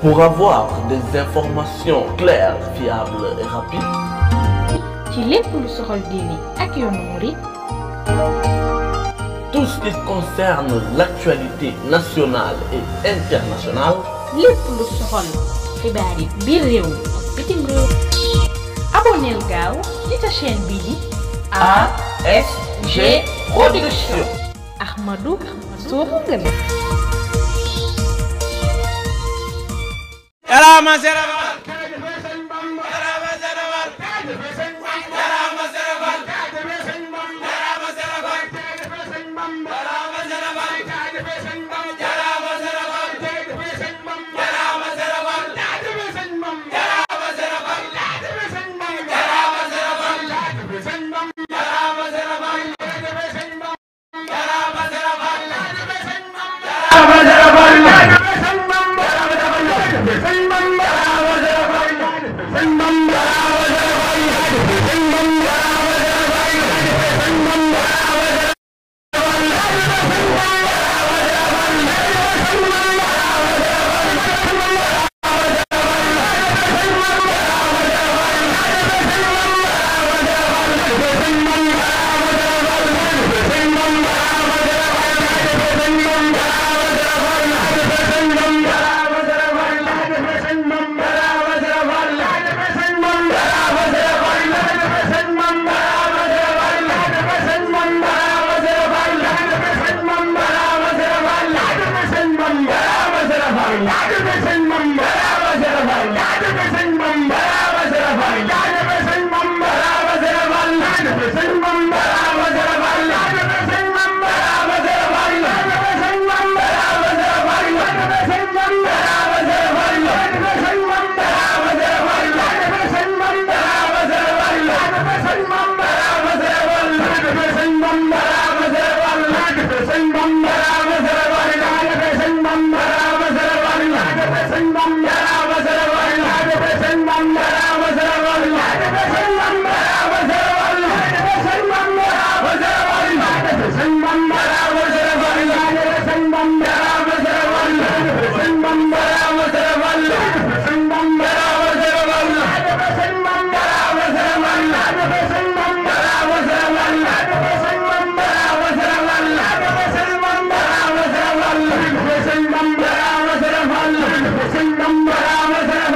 Pour avoir des informations claires, fiables et rapides, ci les lu soxal diine ak yoonu Tout ce qui concerne l'actualité nationale et internationale. lépp lu soxal xibaar yi biir réew mi Abonnez-vous à abonneel chaîne bii ASG Production. Ahmadou Sow ¡Alá, más Bye.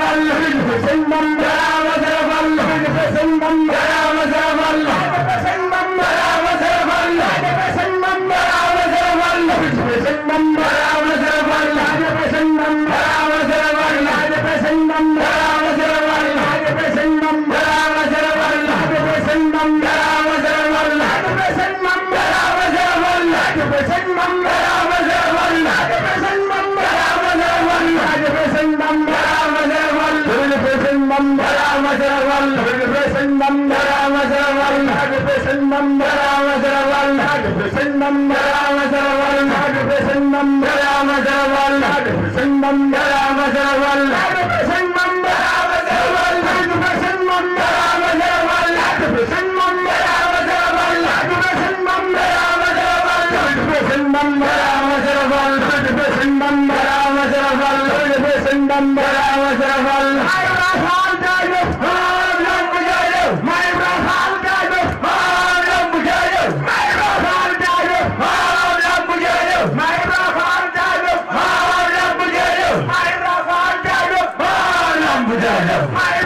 Come down! سنم درا وزر والحجب سنم درا وزر والحجب سنم درا وزر والحجب سنم درا وزر والحجب سنم درا وزر والحجب سنم درا وزر والحجب سنم درا وزر والحجب سنم درا وزر والحجب سنم درا وزر والحجب سنم درا وزر والحجب سنم درا وزر والحجب سنم درا وزر والحجب não, não.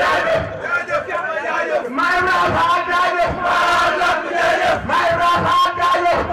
jaajëf. Mayra Fall jaajëf. Mayra Fall jaajëf.